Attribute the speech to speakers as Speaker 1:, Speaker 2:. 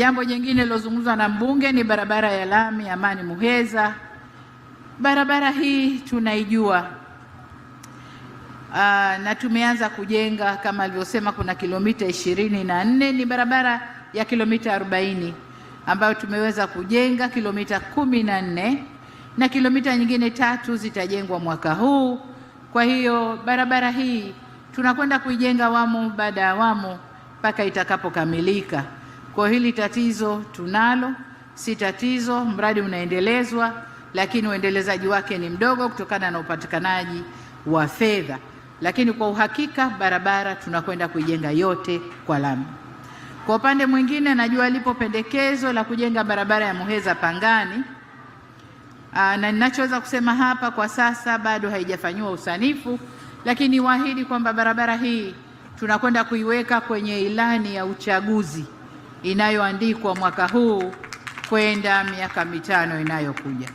Speaker 1: Jambo jingine lilozungumzwa na mbunge ni barabara ya lami Amani Muheza. Barabara hii tunaijua aa, ah, na tumeanza kujenga kama alivyosema, kuna kilomita ishirini na nne ni barabara ya kilomita arobaini ambayo tumeweza kujenga kilomita kumi na nne na kilomita nyingine tatu zitajengwa mwaka huu. Kwa hiyo barabara hii tunakwenda kuijenga awamu baada ya awamu mpaka itakapokamilika. Kwa hili tatizo tunalo, si tatizo, mradi unaendelezwa, lakini uendelezaji wake ni mdogo kutokana na upatikanaji wa fedha. Lakini kwa uhakika barabara tunakwenda kuijenga yote kwa lami. Kwa upande mwingine, najua lipo pendekezo la kujenga barabara ya Muheza Pangani. Aa, na ninachoweza kusema hapa kwa sasa bado haijafanyiwa usanifu, lakini waahidi kwamba barabara hii tunakwenda kuiweka kwenye ilani ya uchaguzi inayoandikwa mwaka huu kwenda miaka mitano inayokuja.